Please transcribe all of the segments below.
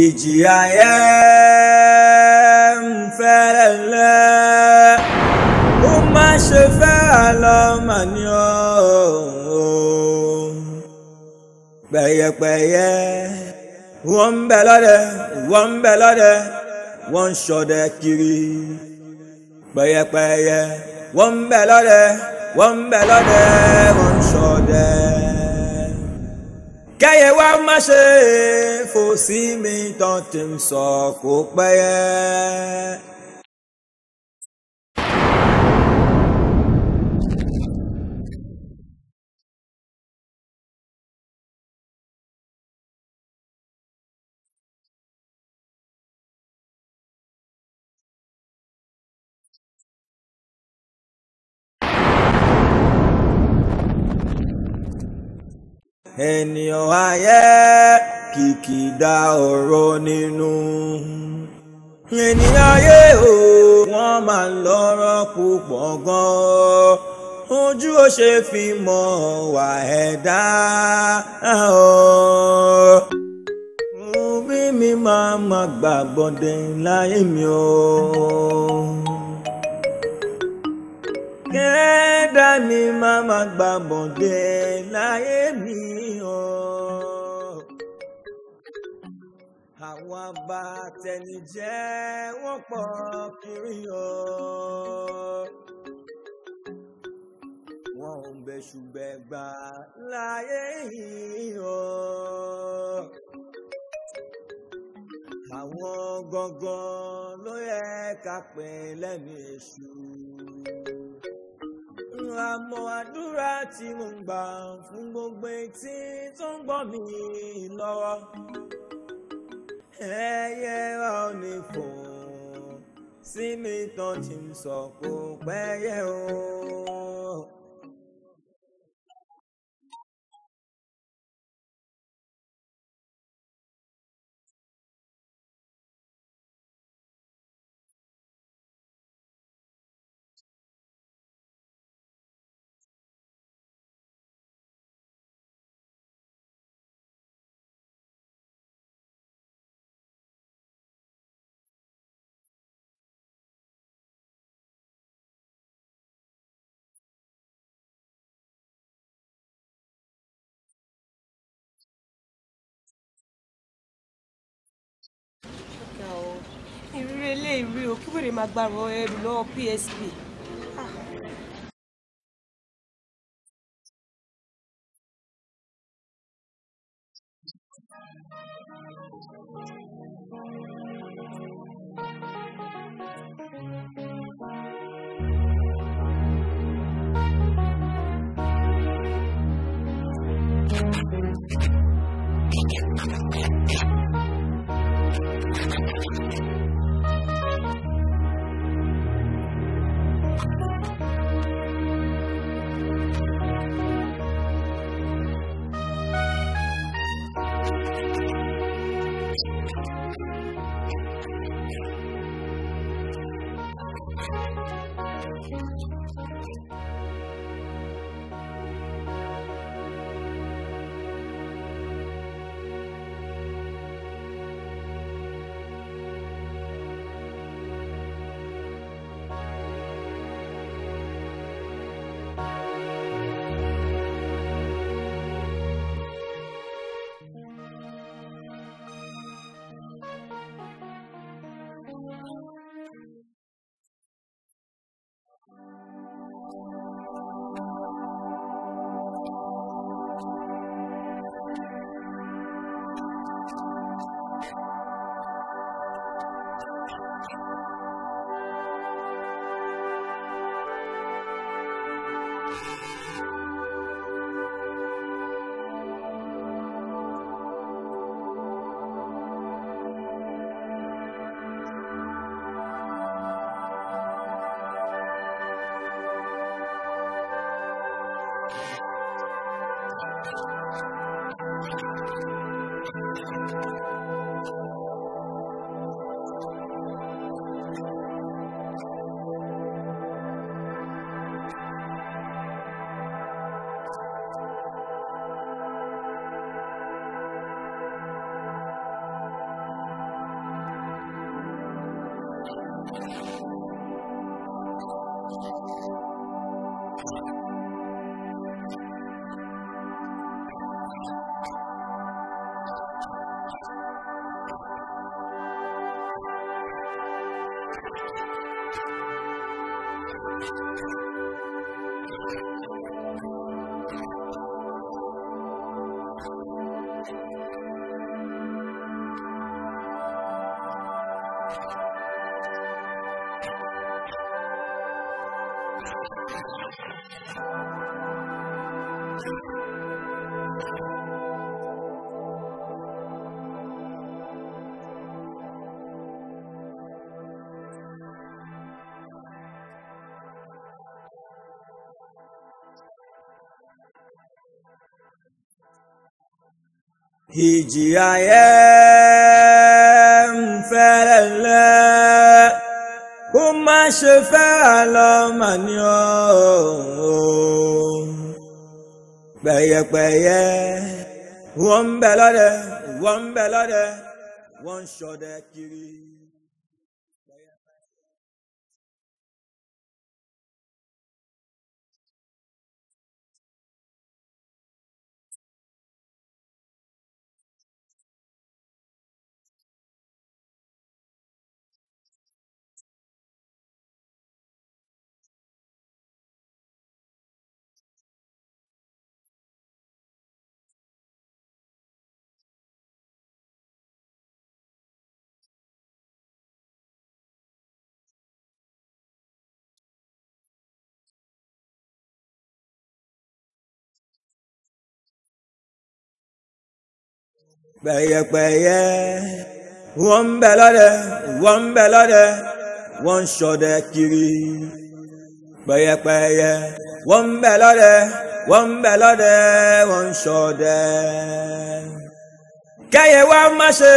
ìjìyàyẹ́ ń fẹ́rẹ̀ lẹ́ ó má ṣe fẹ́ àlọ́mà ní ọ̀hún pẹ̀yẹpẹ̀yẹ wọ́n ń bẹ lọ́dẹ wọ́n ń bẹ lọ́dẹ wọ́n ń ṣọdẹ kiri pẹ̀yẹpẹ̀yẹ wọ́n ń bẹ lọ́dẹ wọ́n ń bẹ lọ́dẹ wọ́n ń ṣọdẹ kẹ́yẹ wa má ṣe fò sí mi tán tí sọ kó pẹ́yẹ. ènìyàn ayé kìkìdá ọ̀rọ̀ nínú. ènìyàn ayé o wọ́n máa ń lọ́rọ̀ púpọ̀ gan-an ojú ò ṣe fi mọ̀ wà ẹ̀dá. mo bí mi máa ma gbàgbọ́dẹ̀ láyé mi o kẹ́ẹ́dá ni màá máa gbà láyé mi o. àwọn abatẹnijẹ́ wọ́n pọ̀ kiri o. wọn ò bẹ̀ṣùbẹ̀ gbà láyé yìí o. àwọn gangan ló yẹ ká pè lẹ́nu èṣù àmọ́ àdúrà tí mo ń gbà fún gbogbo etí tó ń gbọ́ mi lọ́wọ́. ẹyẹ wa ò ní fò sí mi tán tí ń sọ kò pẹ́ yẹ o. ìrírí eléyìí o kí wèrè máa gbàrọ ẹrù lọ́wọ́ PSP. Thank ah. you. Thank you. ìjìyàyẹ́ ń fẹ́rẹ̀ lẹ́ kó má ṣe fẹ́ràn lọ́mọ ní ọ̀hún pẹ̀yẹpẹ̀yẹ wọ́n ń bẹ lọ́dẹ wọ́n ń bẹ lọ́dẹ wọ́n ń ṣọdẹ kiri. pẹ̀yẹpẹ̀yẹ wọ́n ń bẹ lọ́dẹ wọ́n ń bẹ lọ́dẹ wọ́n ń ṣọdẹ kiri pẹ̀yẹpẹ̀yẹ wọ́n ń bẹ lọ́dẹ wọ́n ń bẹ lọ́dẹ wọ́n ń ṣọdẹ. kẹ́yẹ wá má ṣe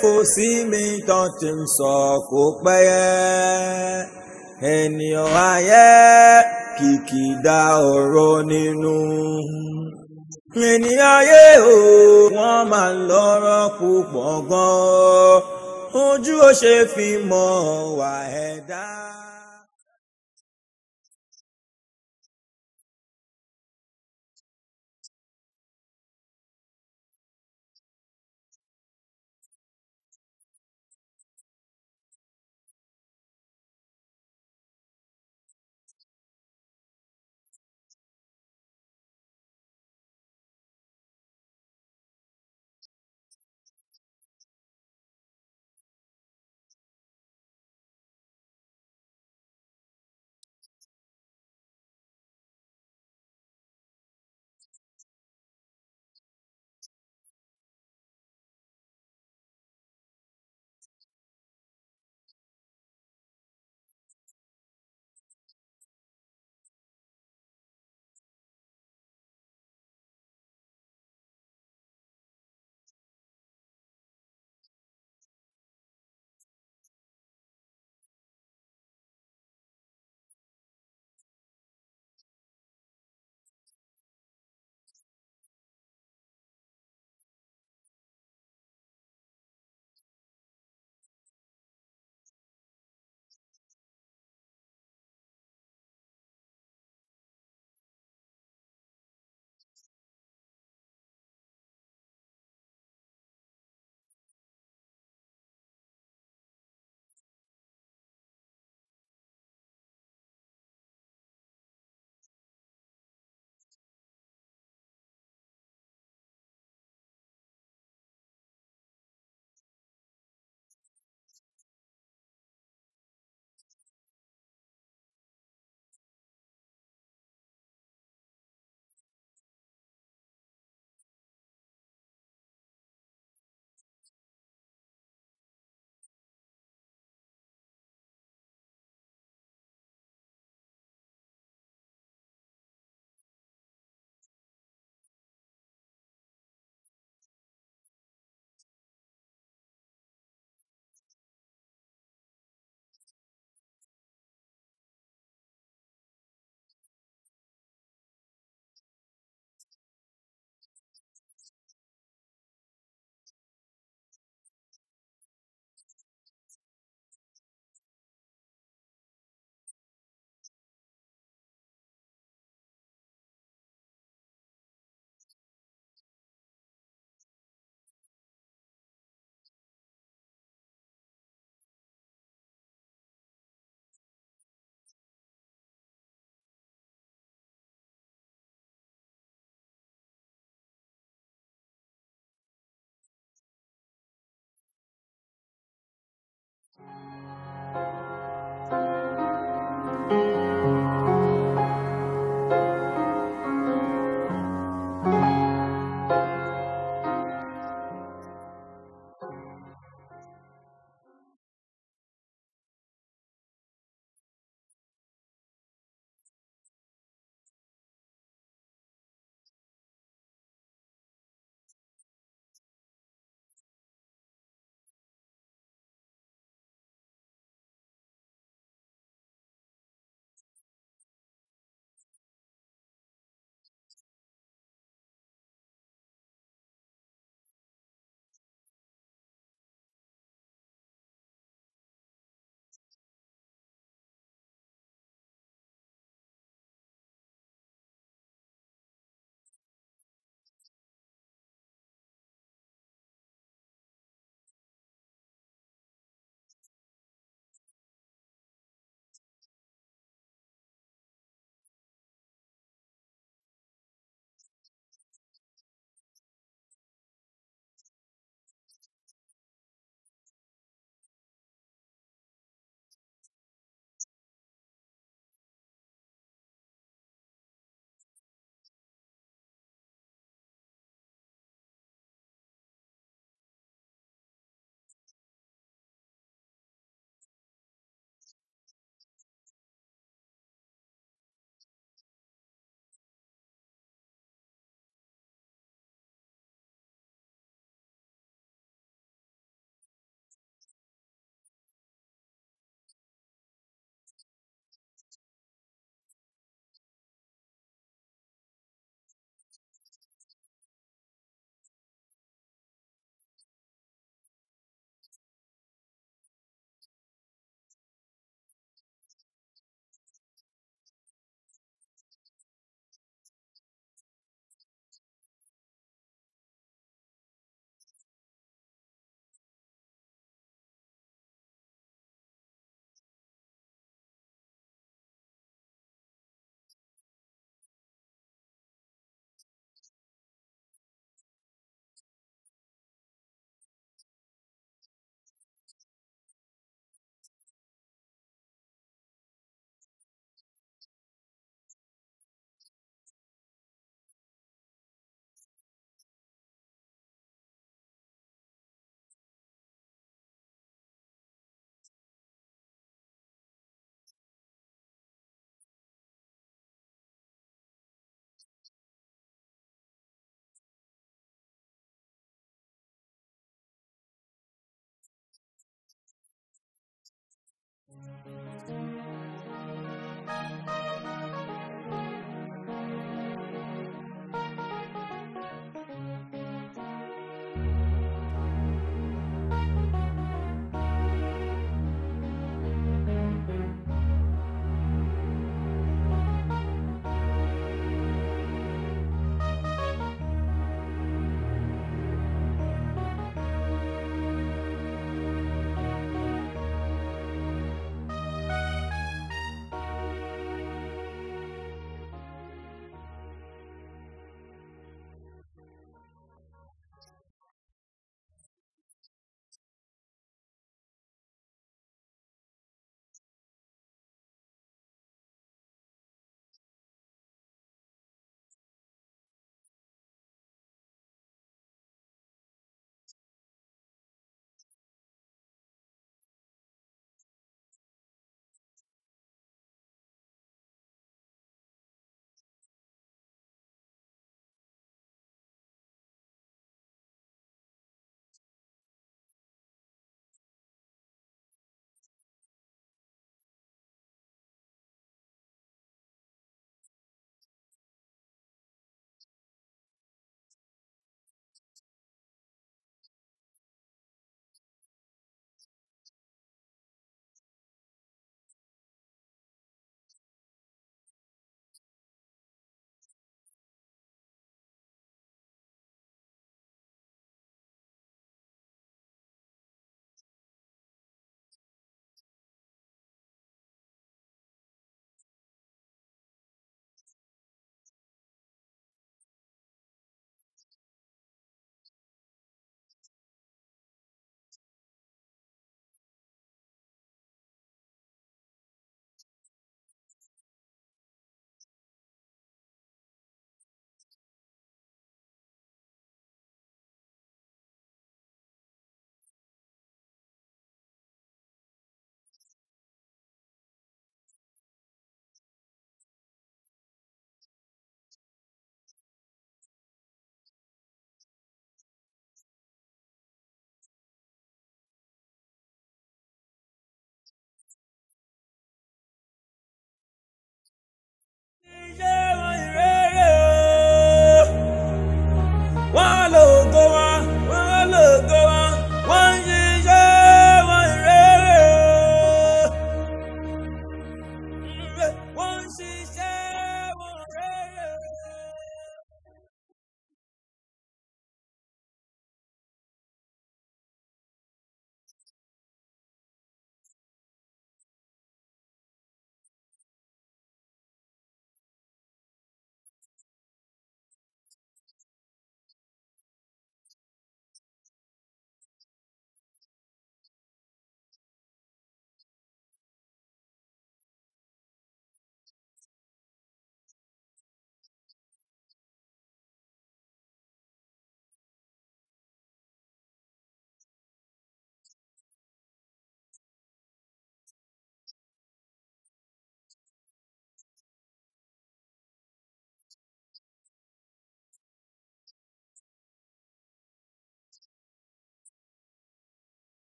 fò sí mi tán ti ń sọ kó pẹ́yẹ ènìyàn ayé kìkì dá ọ̀rọ̀ nínú ẹni ayé o wọ́n máa lọ́rọ̀ púpọ̀ gan-an ojú ò ṣe fi mọ̀ wà ẹ̀dá.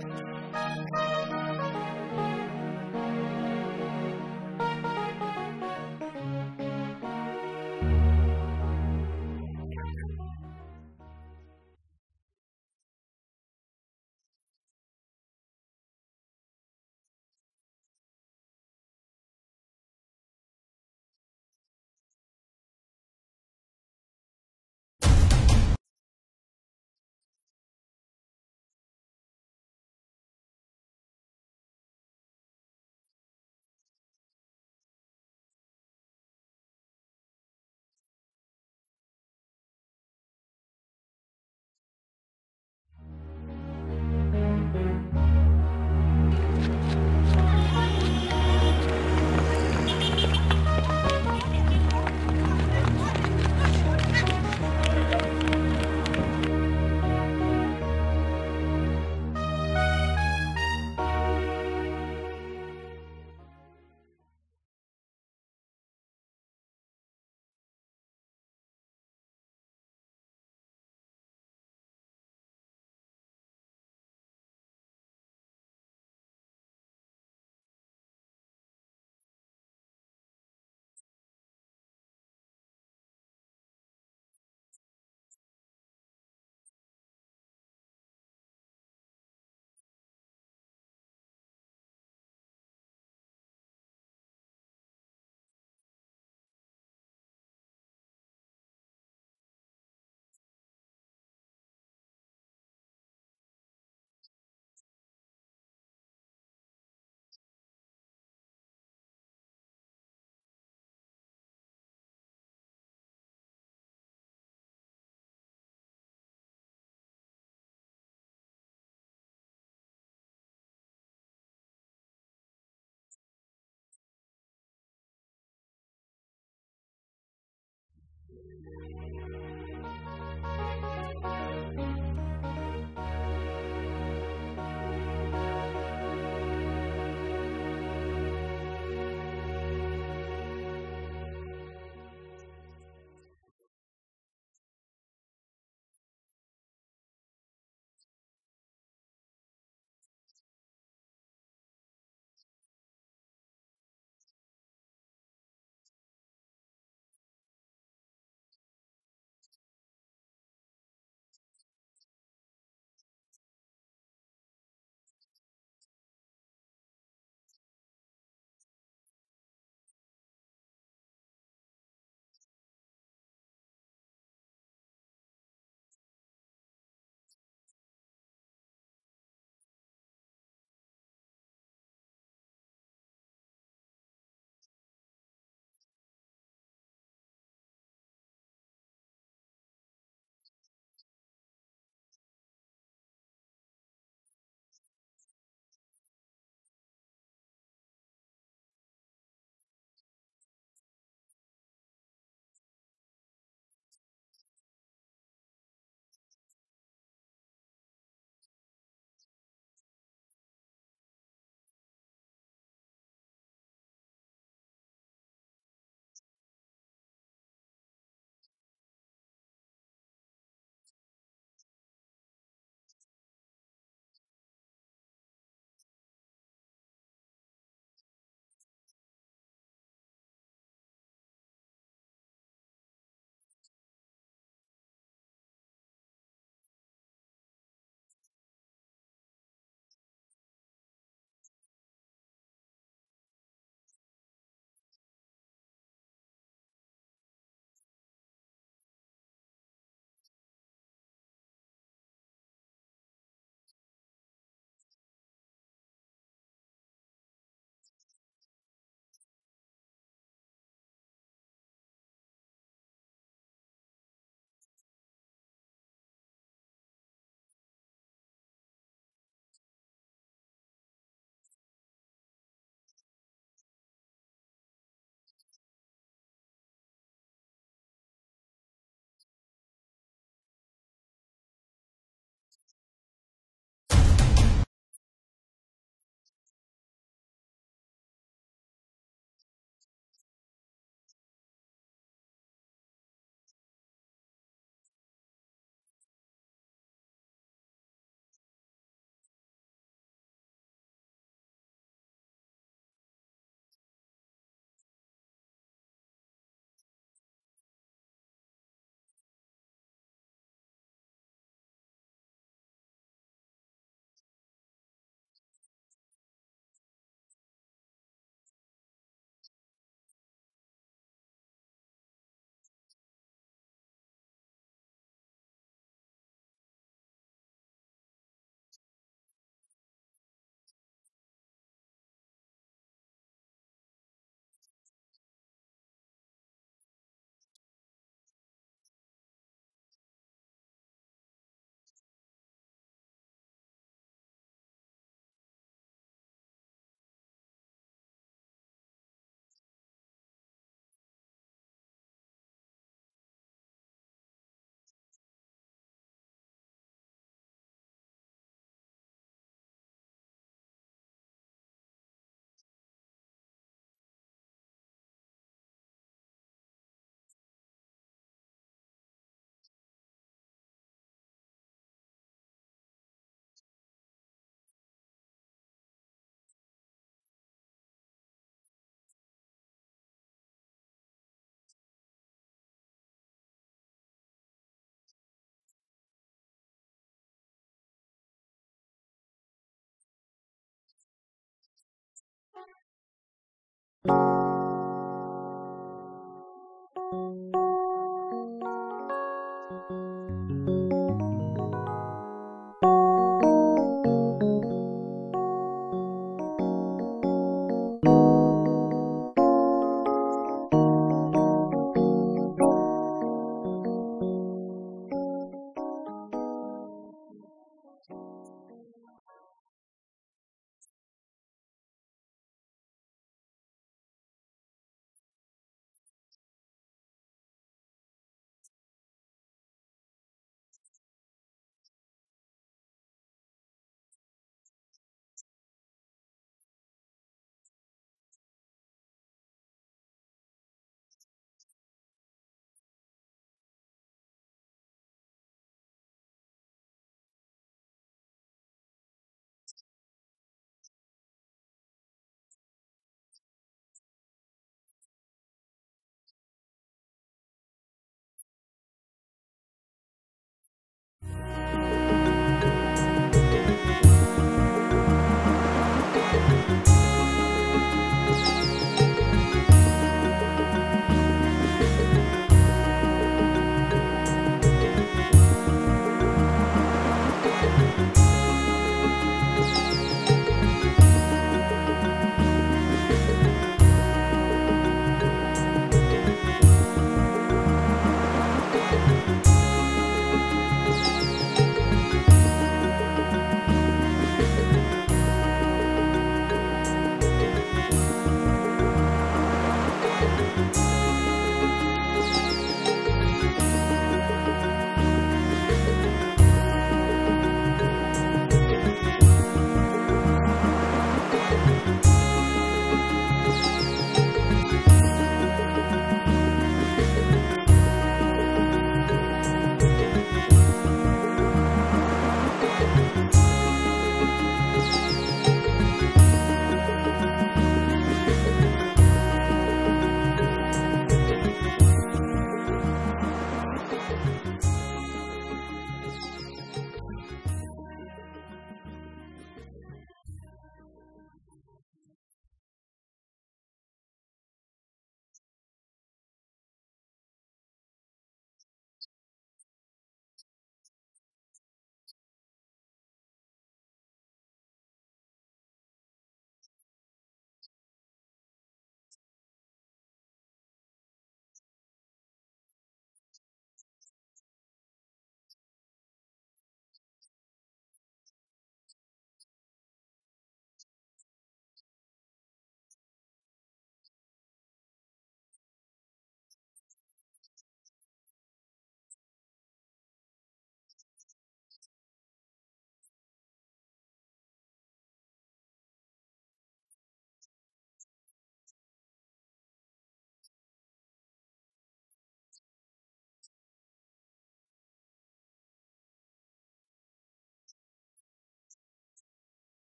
Thank you.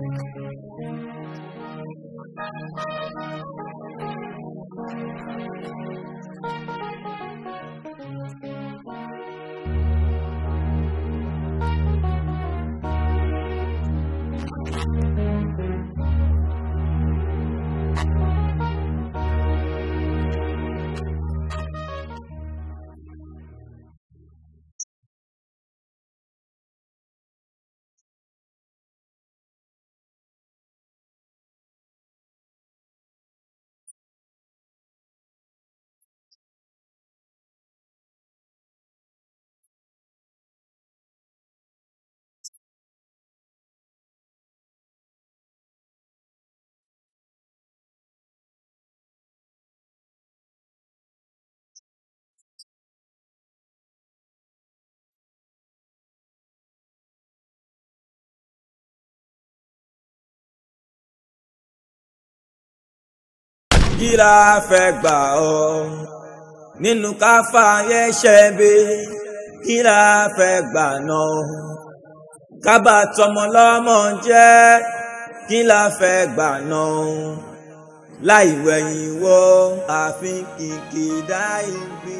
Thank you. méjì la fẹ́ gbà ọ́ nínú káfá yẹ ṣẹ́bi kí la fẹ́ gbà náà kábà tọmọ lọ́mọ jẹ́ kí la fẹ́ gbà náà láì wẹ̀yìn wọ́ àfi kìkì dá ibi.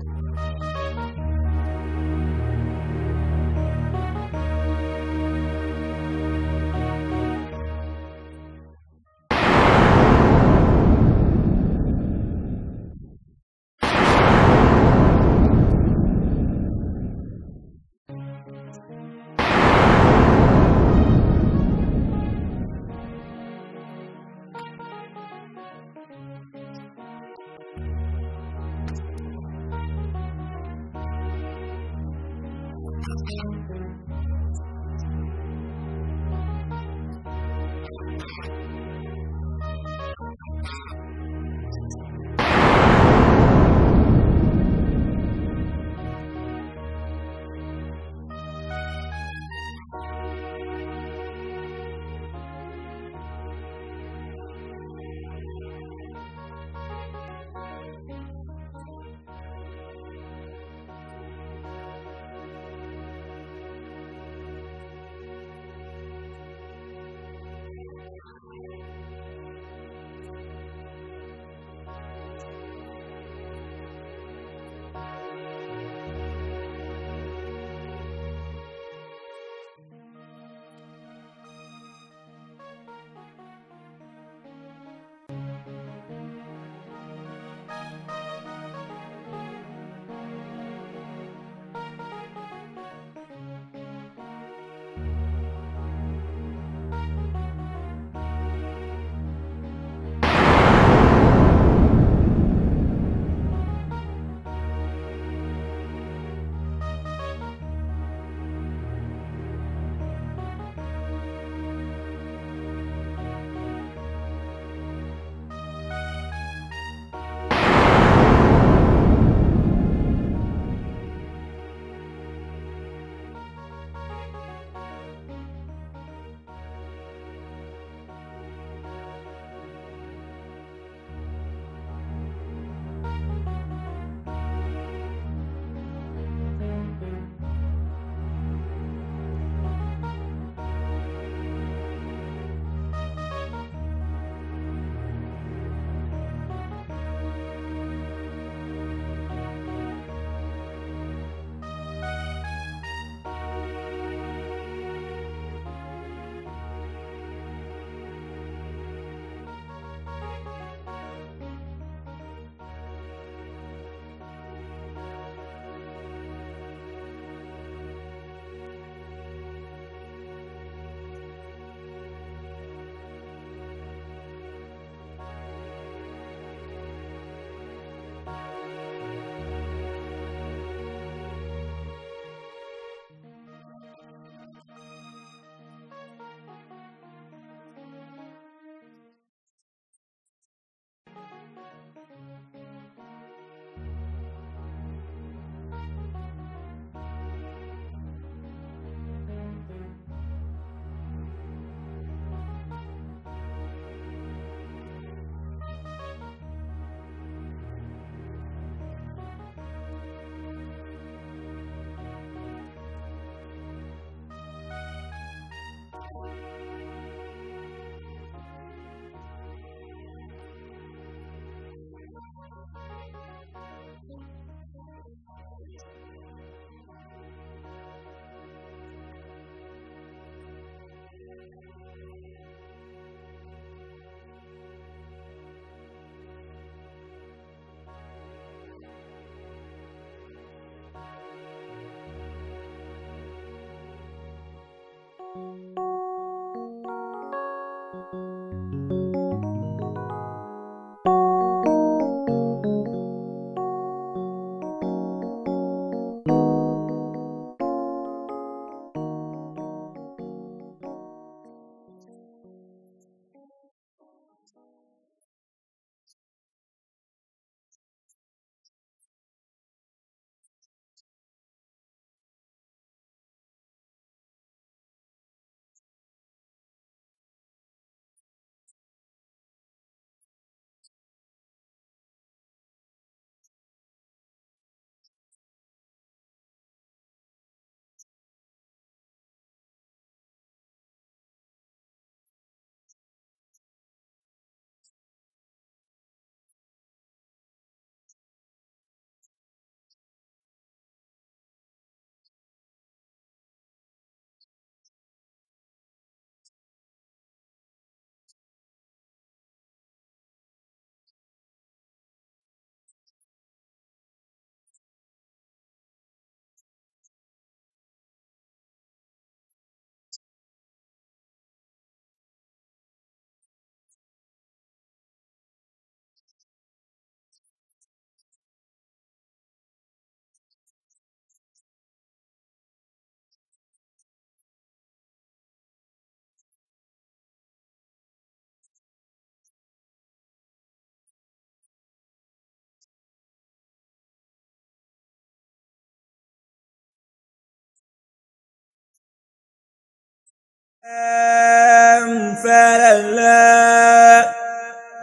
fẹ́rẹ̀lẹ́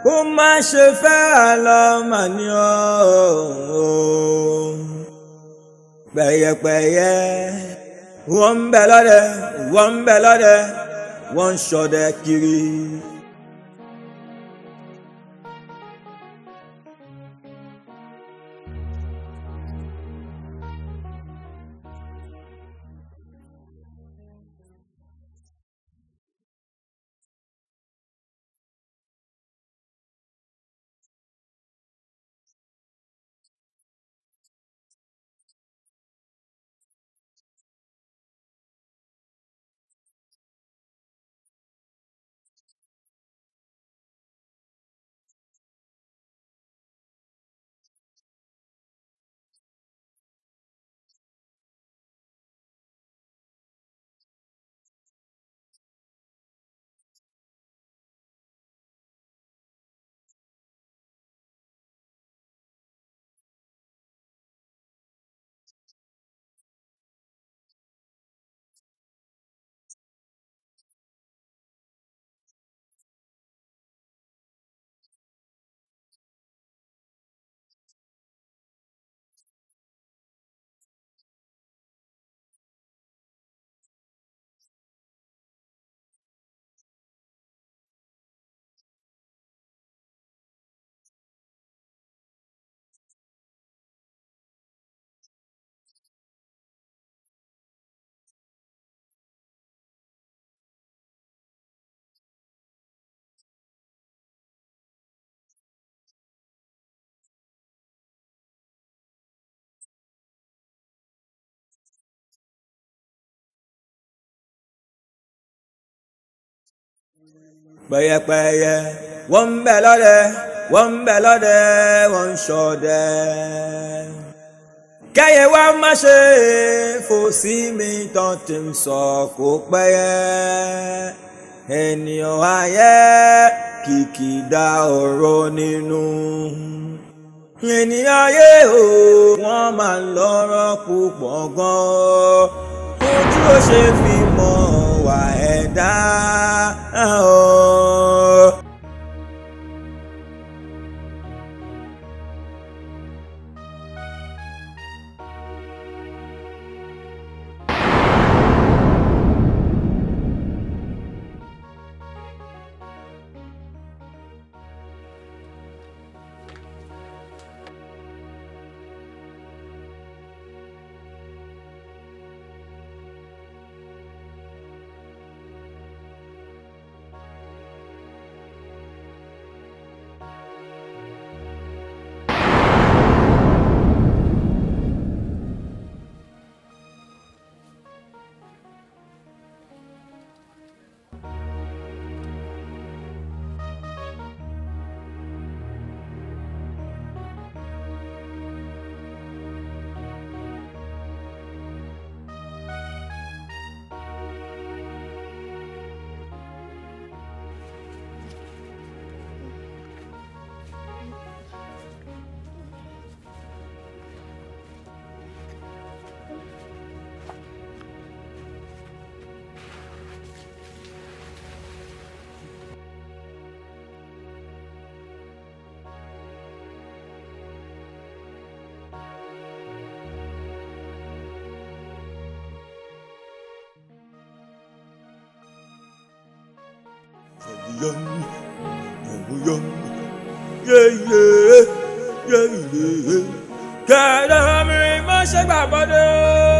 kó má ṣe fẹ́ àlọ́mà ni ọ̀hún pẹ̀yẹpẹ̀yẹ wọ́n ń bẹ lọ́dẹ wọ́n ń bẹ lọ́dẹ wọ́n ń ṣọdẹ kiri. pẹ̀yẹpẹ̀yẹ wọ́n ń bẹ lọ́dẹ wọ́n ń bẹ lọ́dẹ wọ́n ń ṣọdẹ. kẹ́yẹ wá má ṣe fò mi tán ti ń sọ kó pẹ́yẹ ènìyàn ayé kìkìdá ọ̀rọ̀ nínú. ènìyàn ayé o wọ́n máa lọ́rọ̀ púpọ̀ gan ojú ó ṣe fi mọ̀ ọ́ ẹ̀dá ah, o. Oh. Yeah yum yum yeah yeah yeah yeah. kẹ̀rọ mi má ṣe gbàgbọ́dọ̀.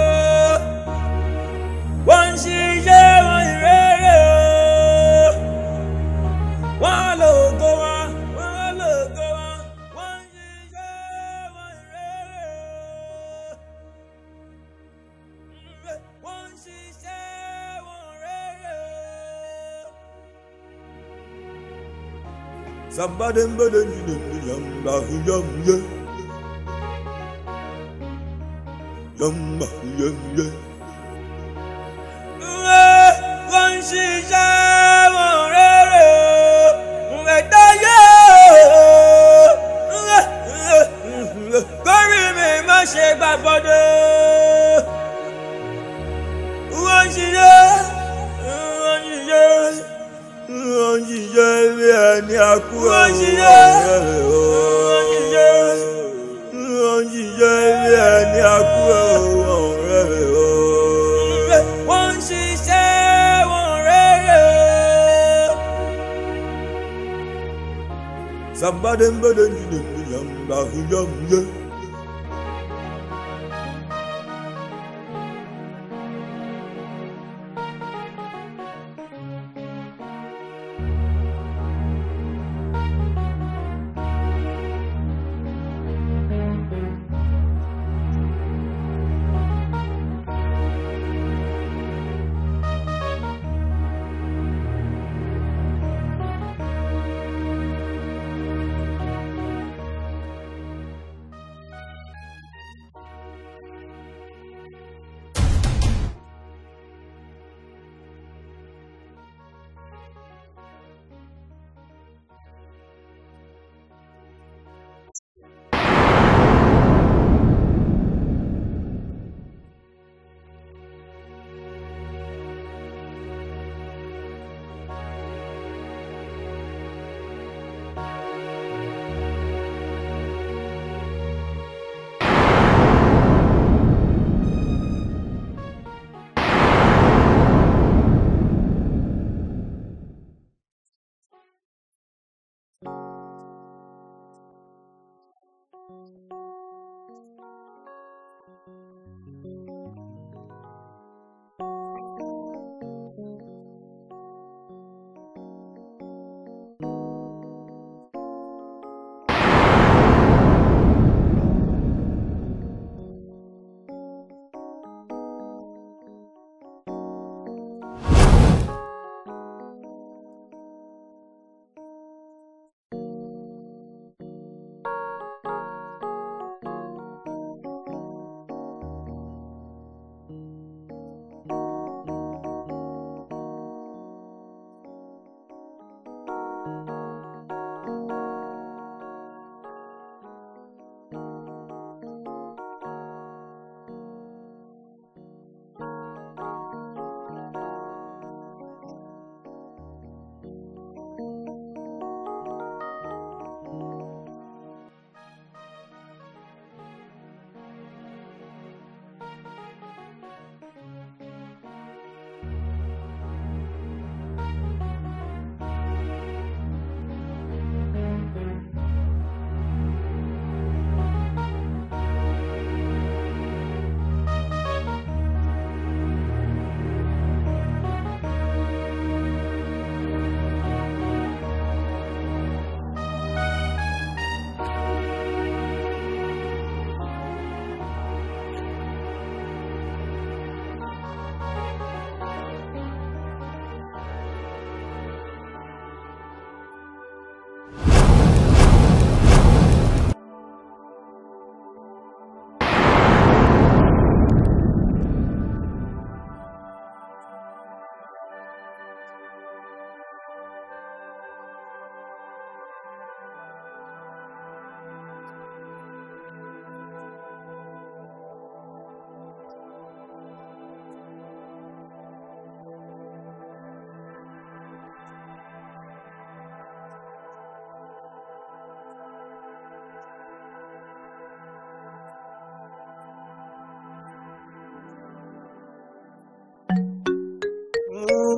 Sabadın beden yürüdü yambahı yam ye Yambahı kú òṣìṣẹ́ òṣìṣẹ́ òṣìṣẹ́ ilé ẹni akú ọ̀hún rẹ̀ o. wọ́n ń ṣiṣẹ́ wọ́n rere o. sàmbádé ń bẹ́ẹ̀ lẹ́yìn lèmi yàrá ìyá mi yé.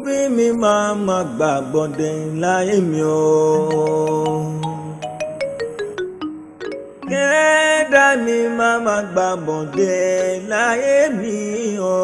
bí mi máa ma gbàgbọ́dẹ̀ láyé mi o. kẹ́ẹ́dá mi máa ma gbàgbọ́dẹ̀ láyé mi o.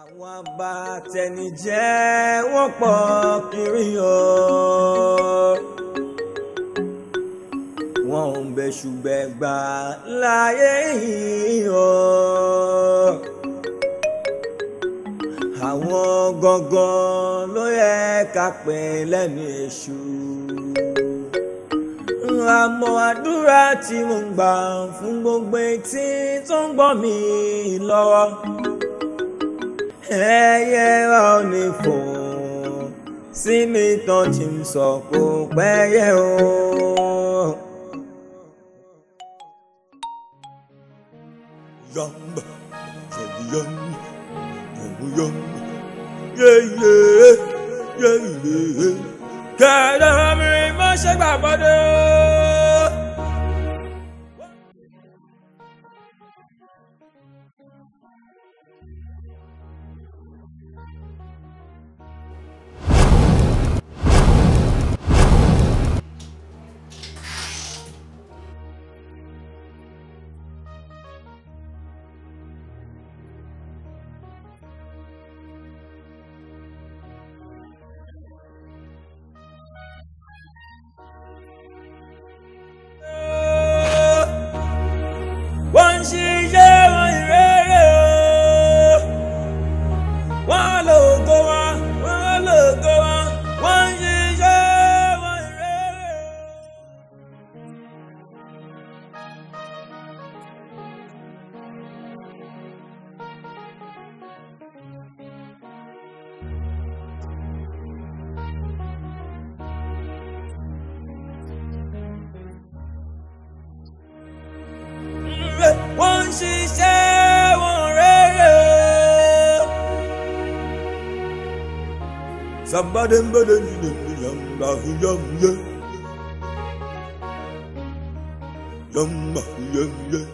àwọn abatẹnijẹ́ wọ́n pọ̀ kiri o wọn ò ń bẹ ṣùgbẹ́ gbà láyé yìí o àwọn gangan ló yẹ ká pè lẹ́nu èṣù àmọ́ àdúrà tí mo ń gbà fún gbogbo etí tó ń gbọ́ mi lọ́wọ́ ẹyẹ ọ̀nì fò sími tán ti ń sọ kó pẹ́yẹ o. yamba ṣẹ̀bi yamba òun yamba yẹ̀yẹ̀ yẹ̀yẹ̀ kẹ̀lẹ́ mi má ṣe gbàgbọ́dọ̀. Yum, yum, yum.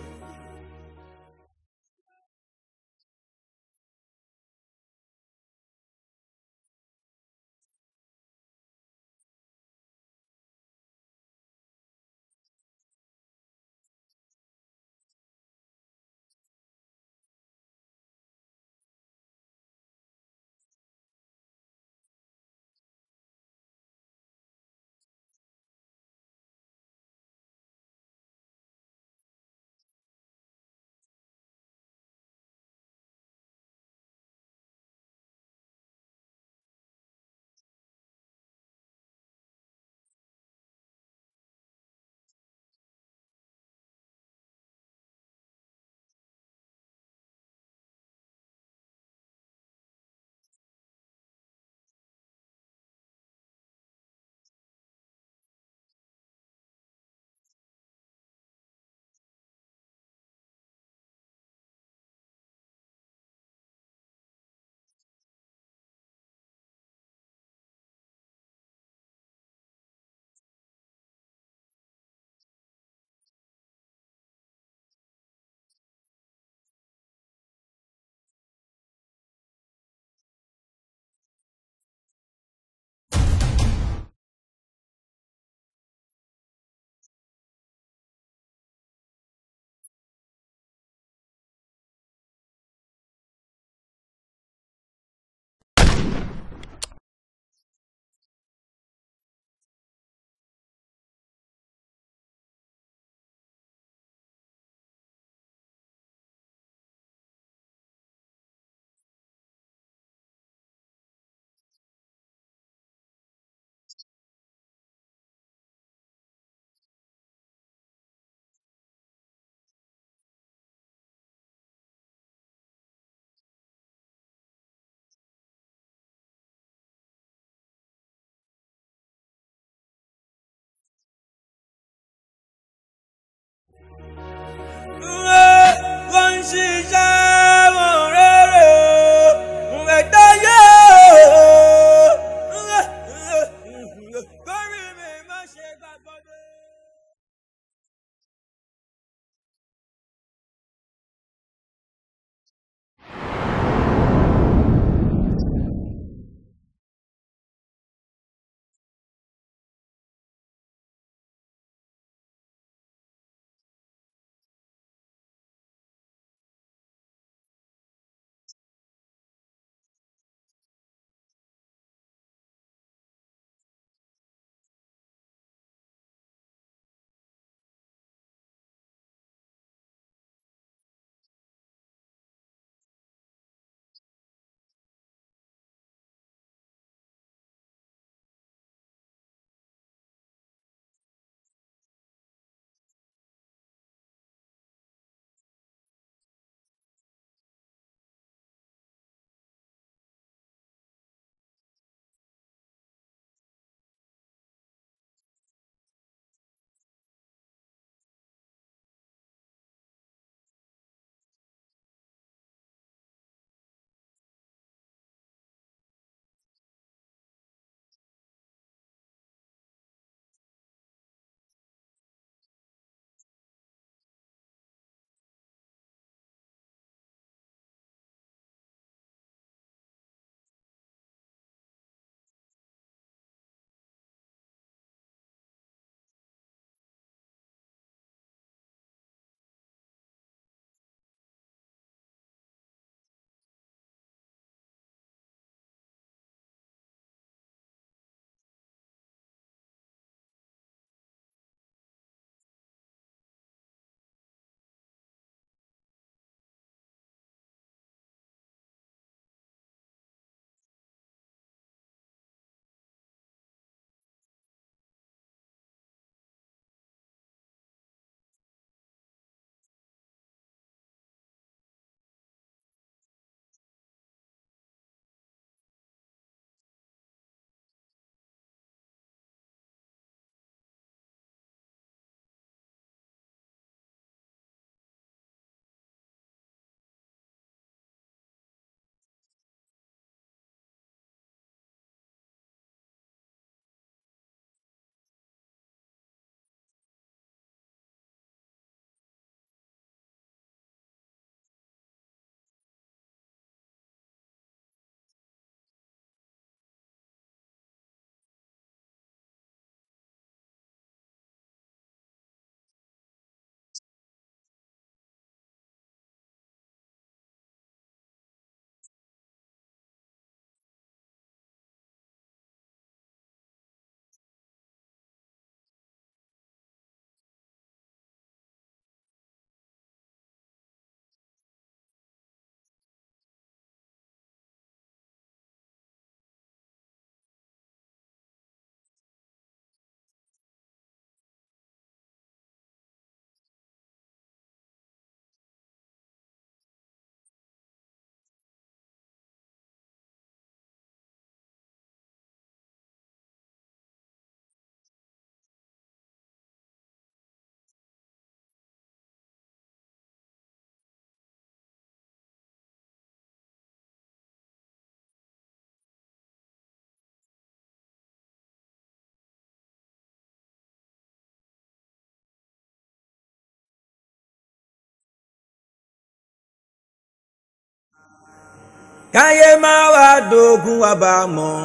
káyé má wá dogun wá bá mọ̀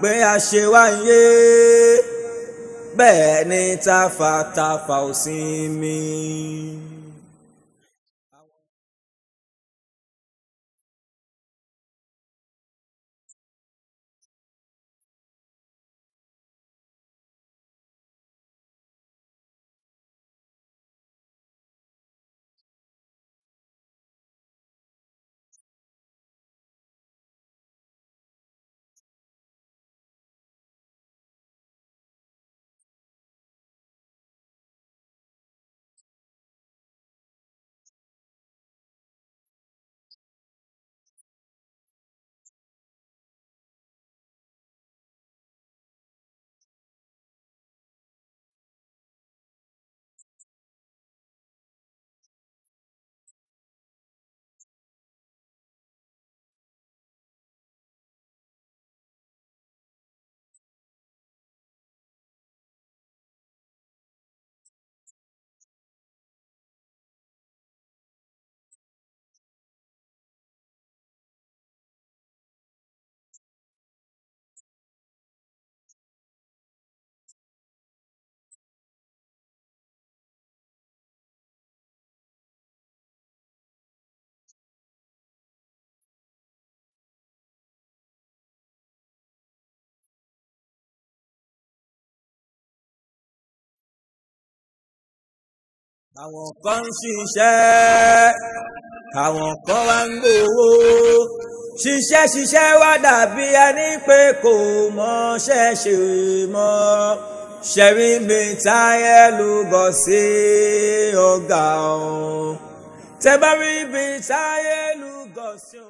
pé a ṣe wá yé bẹ́ẹ̀ ni tàfàtàfà ò sinmi. àwọn kan ń ṣiṣẹ́ àwọn kan wá ń gbowó ṣiṣẹ́ ṣiṣẹ́ wá dàbí ẹni pé kò mọṣẹ́ ṣe mọ́ ṣẹ̀rí mi táyé ló sí ọ̀gá ọ̀hún tẹ́ bá rí ibi táyé ló gọ̀ sí ọ̀hún.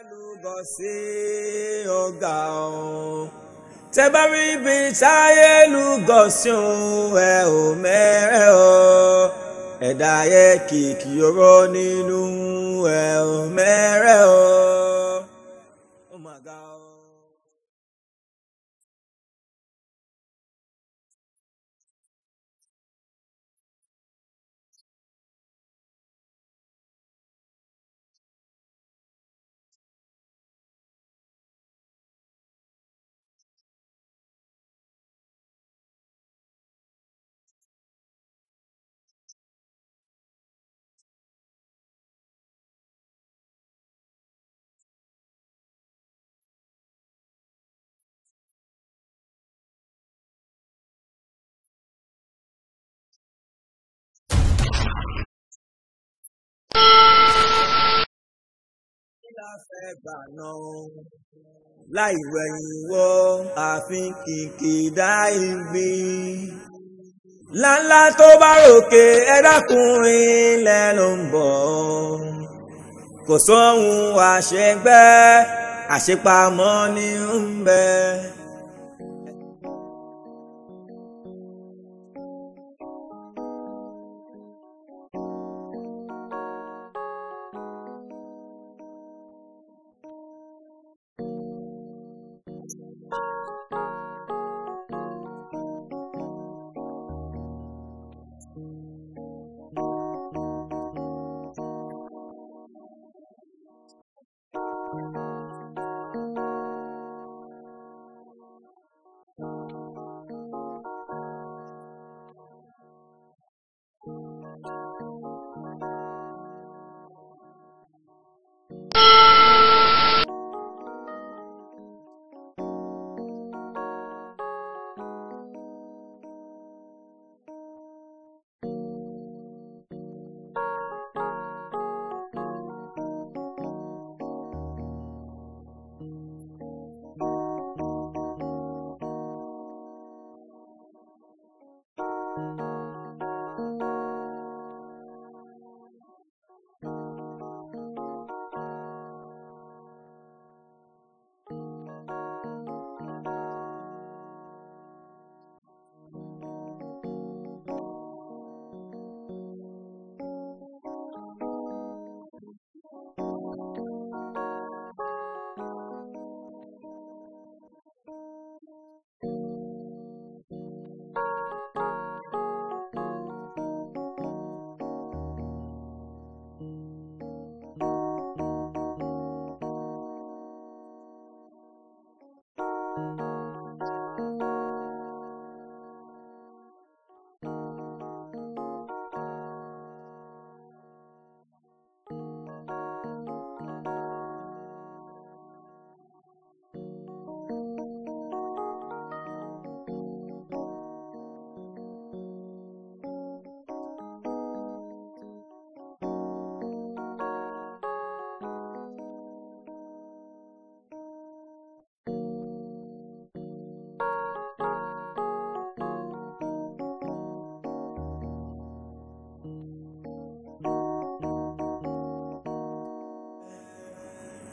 ẹlùbọ̀ sí ọ̀gá ọ̀hún tẹ bá rí ibi táyé lùgọ̀ sí òun ẹ ò mẹ́rẹ̀ ọ́ ẹ̀dá ayé kìkì ọ̀rọ̀ nínú ẹ ò mẹ́rẹ̀ ọ́. bá fẹ́ bàná láì wẹ̀yìn wọ́ àfin kìkì dá ibi. Láńlá tó bá ròkè ẹ̀dákùnrin lẹ́nu ń bọ̀. Kò sóhun àṣegbẹ́ àṣepamọ́ ní ń bẹ.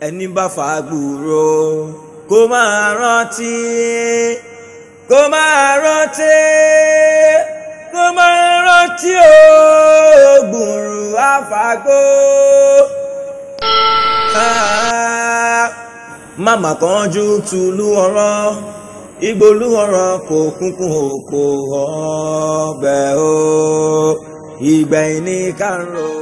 ẹni bá fà á gbòòrò kó máa rántí kó máa rántí kó máa rántí o gbòòrò àfàgò. màmá kan ju tùlú ọ̀rọ̀ ìgbòlú ọ̀rọ̀ kò kúnkún òkò ọ̀bẹ o ìgbẹ̀yìn ní kárò.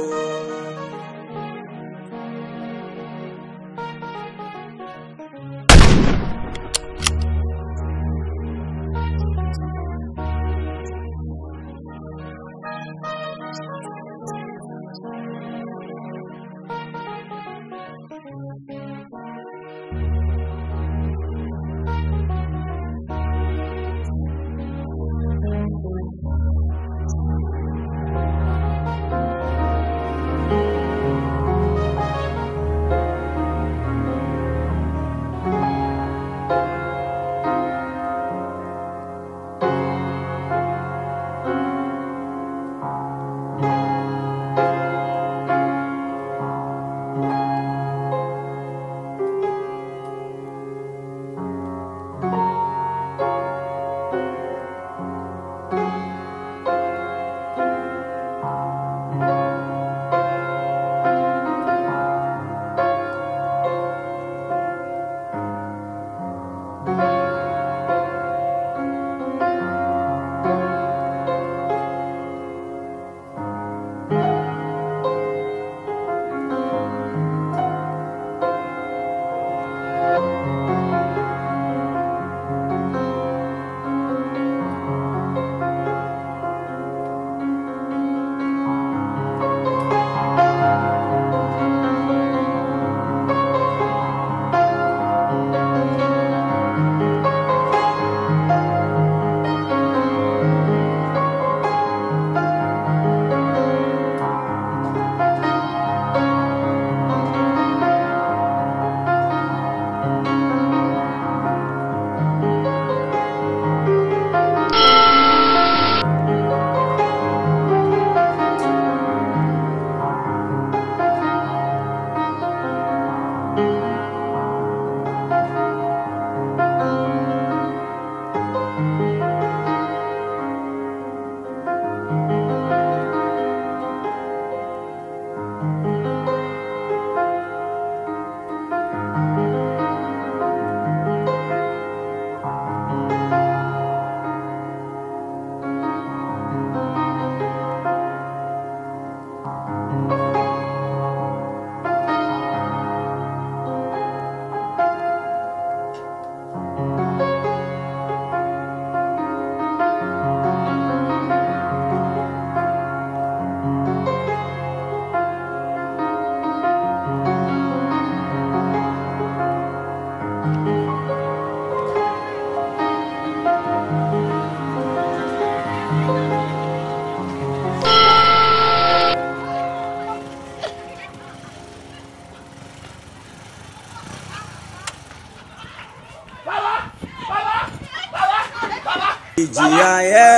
jìyà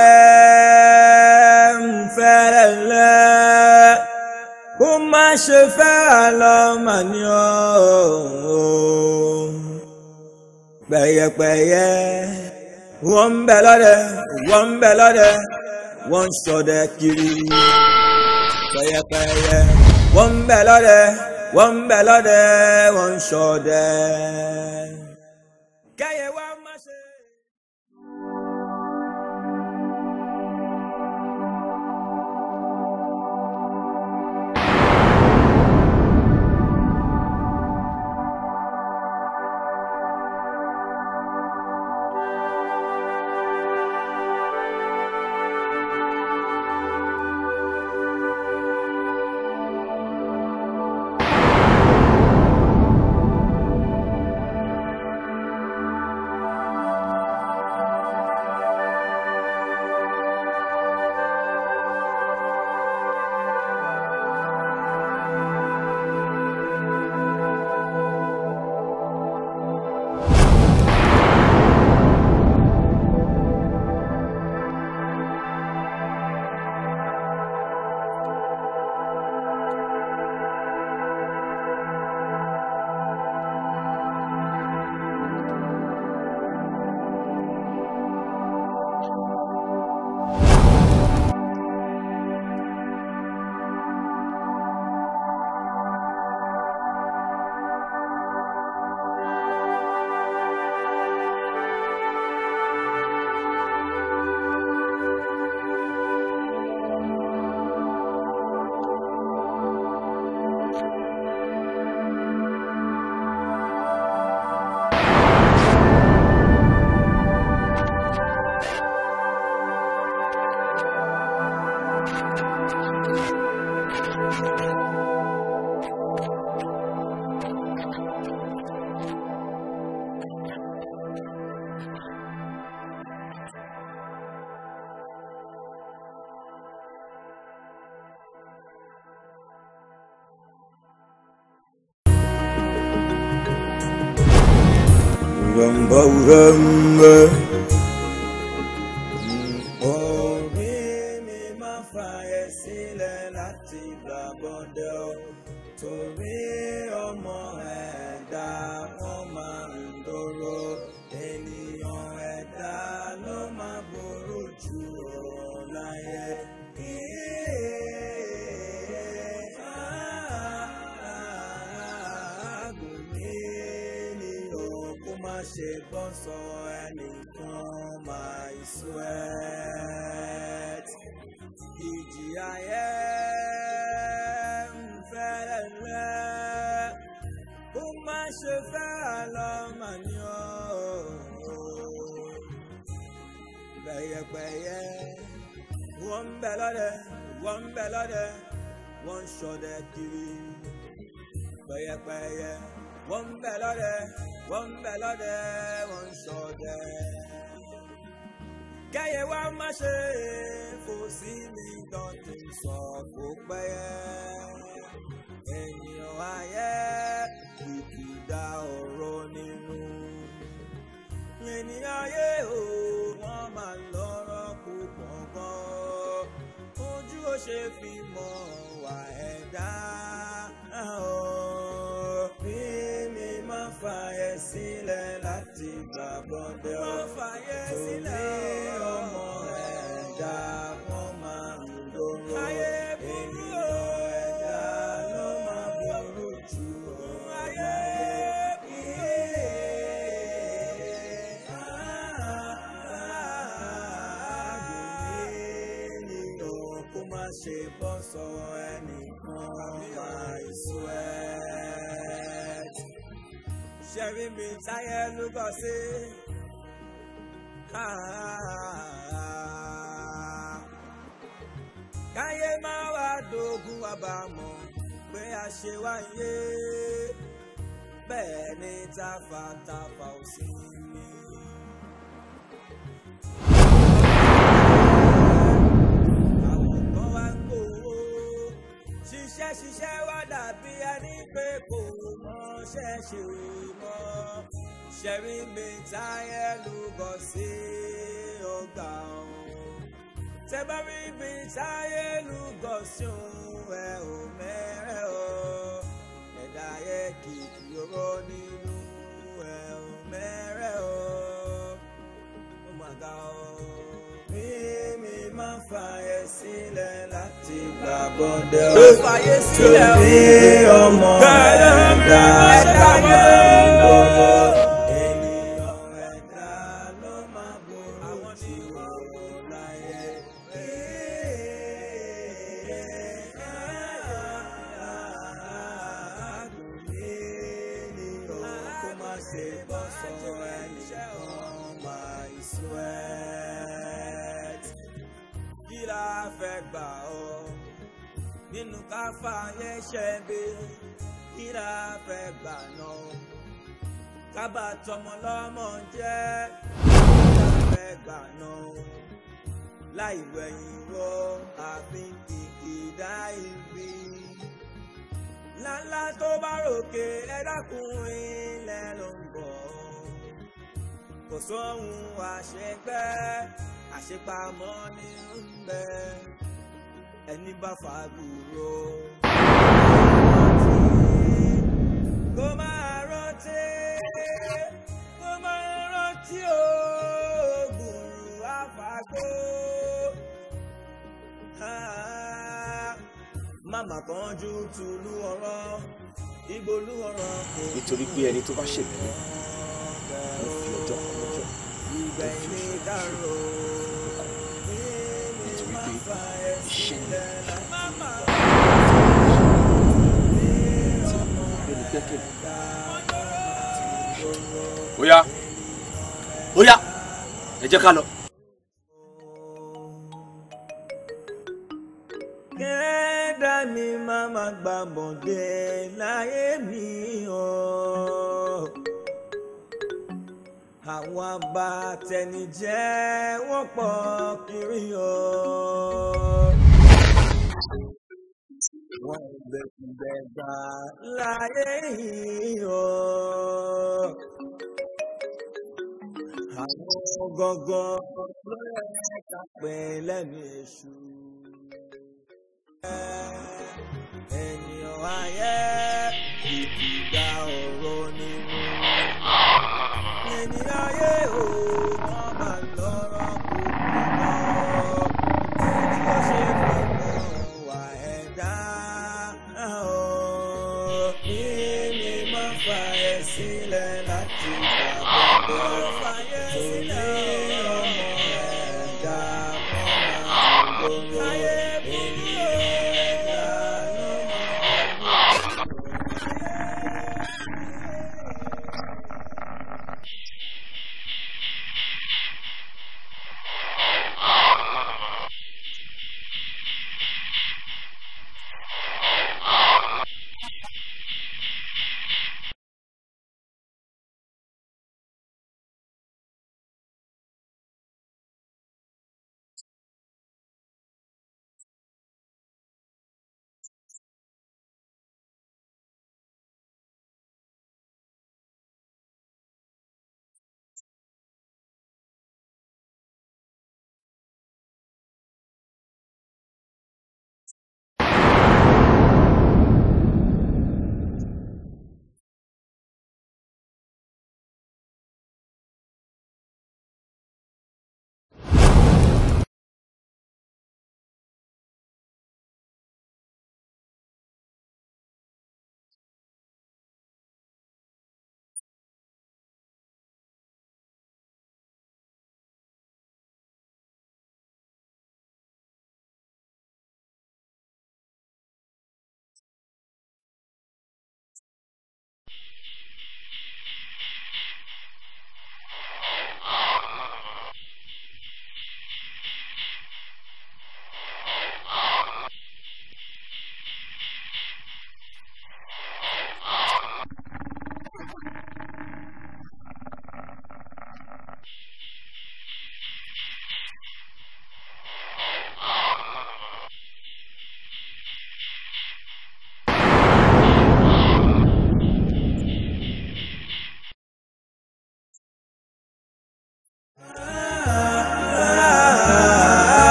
ń fẹ́rẹ̀ lẹ́ kó má ṣe fẹ́ lọ́mọ ní ọ̀hún pẹ̀yẹpẹ̀yẹ wọ́n ń bẹ lọ́dẹ wọ́n ń bẹ lọ́dẹ wọ́n ń ṣọdẹ kiri pẹ̀yẹpẹ̀yẹ wọ́n ń bẹ lọ́dẹ wọ́n ń bẹ lọ́dẹ wọ́n ń ṣọdẹ. bağram bağram ve lọ́dẹ wọ́n ń bẹ lọ́dẹ wọ́n ń ṣọdẹ kiri. pẹ̀yẹpẹ̀yẹ wọ́n ń bẹ lọ́dẹ wọ́n ń bẹ lọ́dẹ wọ́n ń ṣọdẹ. kẹ́yẹ wá má ṣe kò sí mi dọ̀tí sọ kò pẹ́yẹ. ènìyàn ayé kìkì dá ọ̀rọ̀ nínú. ènìyàn ayé o. ṣe fi mọ̀ wà ẹ̀dá bí mi má fààyè sílẹ̀ láti gbàgbọ́dọ̀ tó ní. n'ime chaya elu gosi káyé má wá dogun àbámọ̀ pé a ṣe wáyé bẹ́ẹ̀ ni tafàtafà ò sí ní. àwọn kan wá ń gbowó ṣiṣẹ́ ṣiṣẹ́ wá dàbí ẹni pé kò ṣẹ̀ṣẹ̀ mọ́ ṣẹ̀rí mi táyé ló bọ̀ sí ọgbà ọ̀hún tẹ́ bá rí mi táyé ló bọ̀ sí òun ẹ̀ ò mẹ́rẹ̀ ọ́ ẹ̀dá yẹ kìkì ọ̀rọ̀ nínú ẹ̀ ò mẹ́rẹ̀ ọ́ ó mà ga ọ́ mi máa fààyè sílẹ̀ láti gbà bọ́dẹ̀ o. tó ọmọ ẹ̀dá ẹ̀dá yẹn ń bọ̀. àtọmọlọ́mọ ń jẹ́ ìjàpẹ́ gbàná láì wẹ̀yìn wọ àfin ìkìdá ibi. Láńlá tó bá ròkè ẹ̀dákùnrin lẹ́nu ń bọ̀. Kò sóhun àṣegbẹ́ àṣepamọ́ ní ń bẹ. Ẹni bá fàgbùrọ̀. máma kánjú tùlú ọ̀rọ̀ ìgbòlú ọ̀rọ̀ kò. nítorí pé ẹni tó bá ṣèlérí ló fi ọjọ́ kan lọ́jọ́ tó fi oṣù oṣù nítorí pé iṣẹ́ ni ẹni gbẹ́kẹ̀lé ó yá ó yá ẹ jẹ́ ká lọ. kẹ́ẹ́dá mi máa ma gbà bọ̀dẹ̀ láyé mi ọ̀. àwọn abatẹnijẹ́ wọ́n pọ̀ kiri ọ̀. wọ́n bẹ̀rẹ̀ gbà láyé yìí ọ̀. àwọn gọ́gọ́ lọ́yẹ̀ká pẹ̀lẹ́ ní èṣù ènìyàn ayé ìdìgbà òro ni mo ènìyàn ayé ò wọ́n bá lọ́rọ̀ kó lọ́ ẹni tó ṣe fún mi wà ẹ̀dá kí ni mo fà ẹ́ sílẹ̀ láti gbàgbọ́ torí.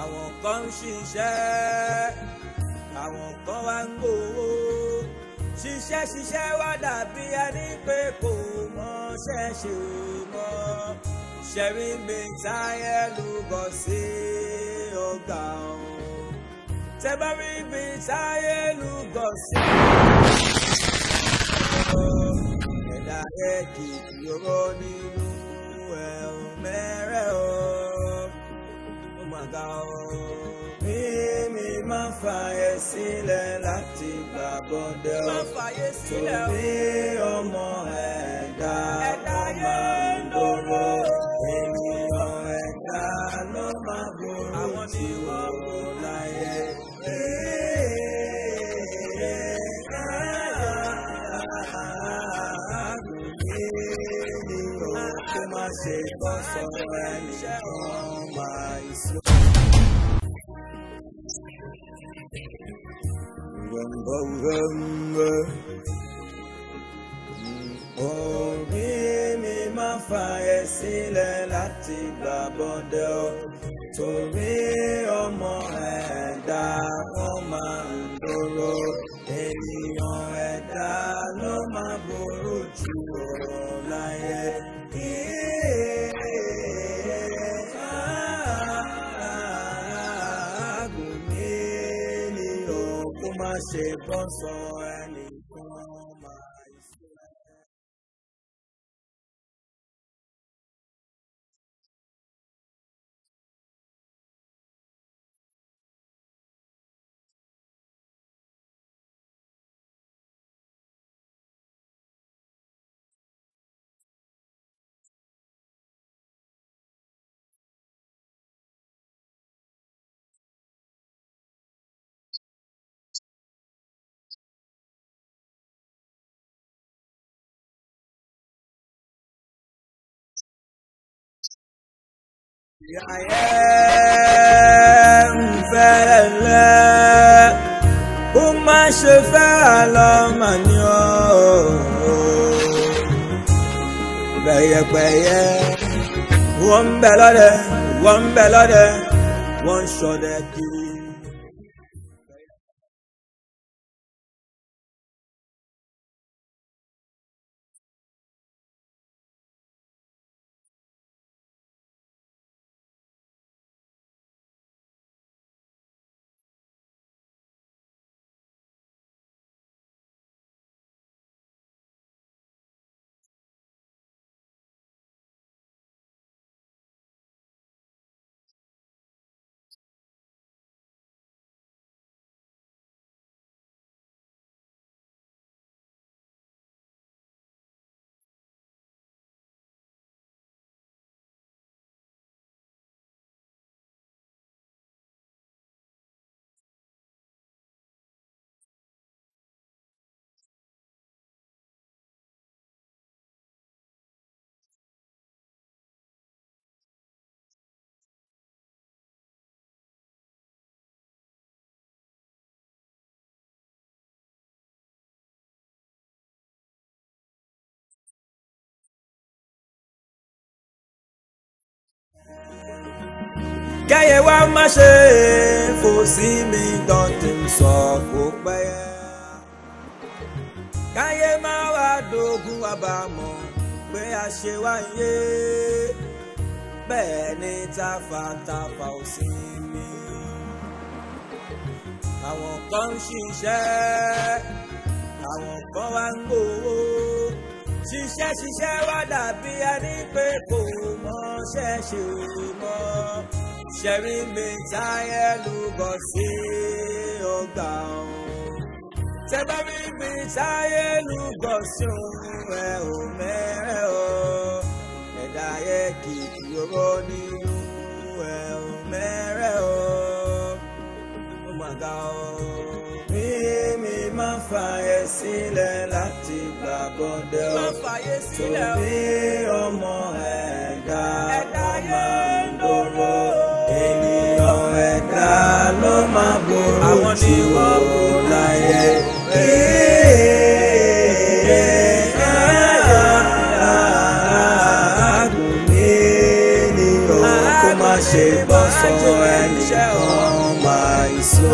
àwọn kan ń ṣiṣẹ́ àwọn kan wá ń gbowó ṣiṣẹ́ ṣiṣẹ́ wá dàbí ẹni pé kò mọṣẹ́ ṣe mọ́ ṣẹ̀rí mi táyé ló bọ̀ sí ọgbà ọ̀hún tẹ́ bá rí mi táyé ló bọ̀ sí ọgbà ọ̀hún ẹ̀dá ẹ̀kìtì ọ̀rọ̀ nínú ẹ̀rùn mẹ́rẹ̀ ọ̀hún máa ga o. mi mi má fààyè sílẹ̀ láti gbà bọ́dẹ̀ o. má ọmọ ẹ̀dá ló máa ń dòrò. ènìyàn ẹ̀dá ló máa ború tí wọ́n kò láyé. Kó má ṣe bọ́ sọ́kọ́ ẹnìkan. wẹ́mbẹ́wẹ́mbẹ́. mi mi máa fààyè sílẹ̀ láti gbà bọ́dẹ̀ o, torí ọmọ ẹ̀dá wọ́n máa ń. te console. yàyẹ́ ń fẹ́ lẹ́ ó má ṣe fẹ́ lọ́mọ ni ó pẹ̀yẹpẹ̀yẹ wọ́n ń bẹ lọ́dẹ wọ́n ń bẹ lọ́dẹ wọ́n ń ṣọdẹ kiri. kẹ́yẹ wá má ṣe mi dọ̀tún sọ kó pẹ́ yẹ. káyé má wá dogun àbámọ̀ pé a ṣe wá mi. àwọn kan ń ṣiṣẹ́ àwọn kan wá ń gbowó ṣiṣẹ́ ṣiṣẹ́ wá dàbí ẹni pé kò mọ ṣẹ́ṣe mọ́ ṣẹ̀rí mi táyé lúgọ sí ọgbà ọ̀hún. ṣẹ̀bẹ̀rí mi táyé lúgọ sí ohun ẹ̀ ò mẹ́rẹ̀ ọ́. ẹ̀dá yẹ kì í yọ̀rọ̀ nínú ẹ̀ ò mẹ́rẹ̀ ọ́. ó mà ga ọ́. bí mi máa fààyè sílẹ̀ láti gbàgbọ́dẹ̀ ọ́. torí ọmọ ẹ̀dá. máa bò àwọn ni wọ́n bò láyé. Ṣé bọ́ sọ ẹnì kan máa ìsú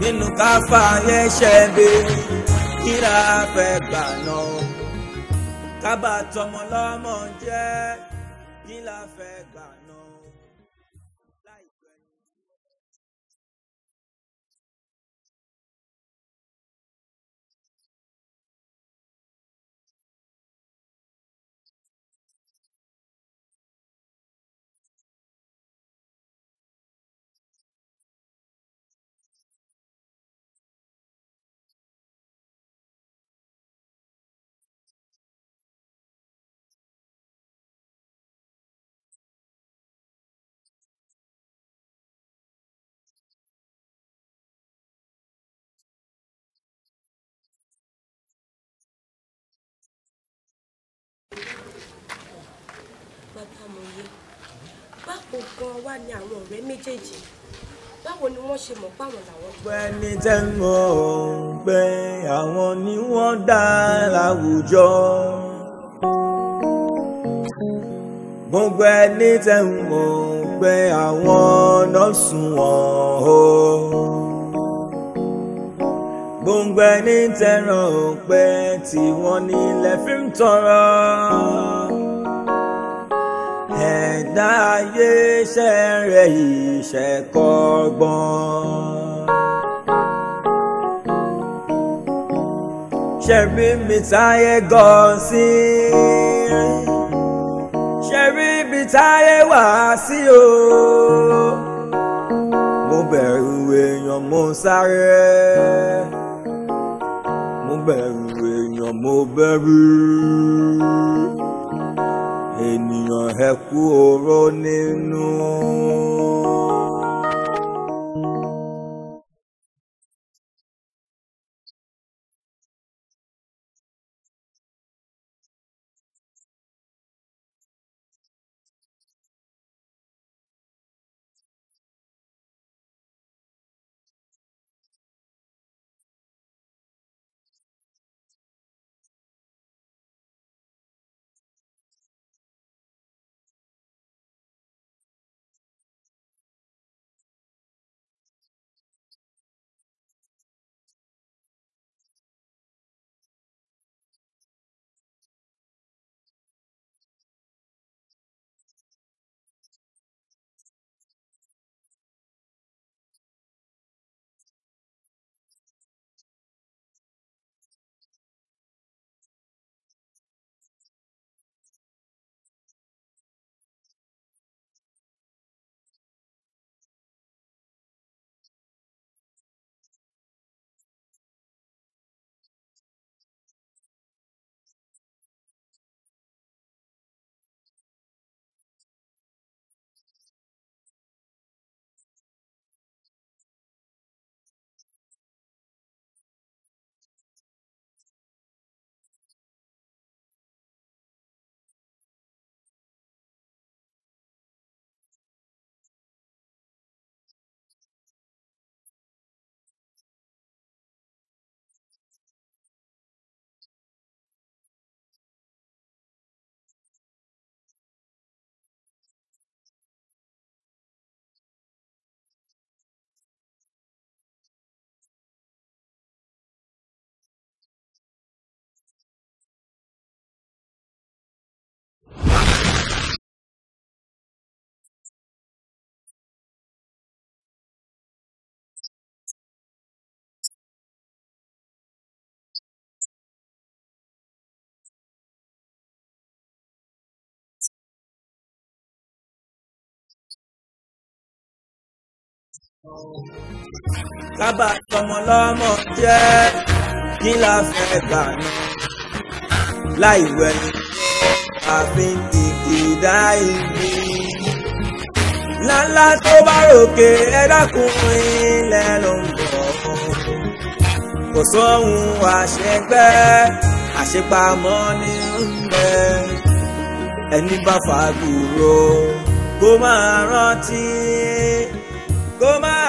nínú káfá yẹn ṣẹ́bi kíra fẹ́ gbà náà kábàtọ́mọlọ́mọ jẹ́ kíra fẹ́ gbà. wọn wá ní àwọn ọ̀rẹ́ méjèèjì báwo ni wọ́n ṣe mọ̀ páwọn làwọn. gbẹ́ni tẹ́ńgọ̀ gbẹ àwọn ni wọ́n dá láwùjọ. gbogbo ẹni tẹ́ńgọ̀ gbẹ àwọn nọ́ọ̀sùn wọn o. gbogbo ẹni tẹ́ńgọ̀ gbẹ tí wọ́n nílẹ̀ fi ń tọrọ ẹ̀dá ayé ṣẹ̀rẹ̀ ìṣẹ̀kọ́gbọ́n. ṣẹ̀rí mi táyé gan sí ṣẹ̀rí mi táyé wá sí o mo bẹ̀rù èèyàn mo sáré mo bẹ̀rù èèyàn mo bẹ̀rù ènìyàn ẹ kú oró nínú. kábà tọmọ lọ́mọ jẹ́ kí la fẹ́ gbà náà láì wẹ̀yìn àfin tìtì dá ibi. Lálá tó bá ròkè ẹ dákun ilẹ̀ ló ń bọ̀. Kò sóhun àṣegbẹ́ àṣepamọ́ ní ilẹ̀. Ẹni bá fàgùrò kó máa rántí Coma.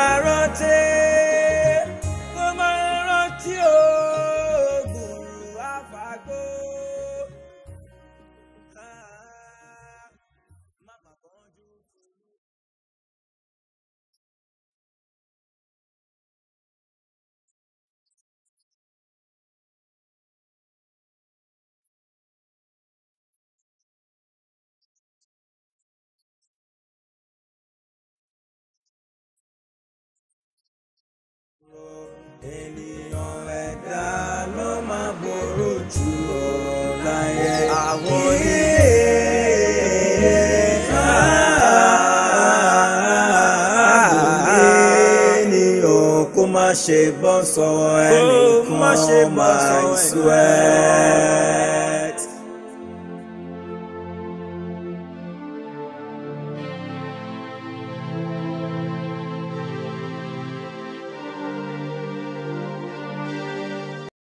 ṣe bọ́ sọ oh, ẹnìkan ọmọ ìṣú ẹ.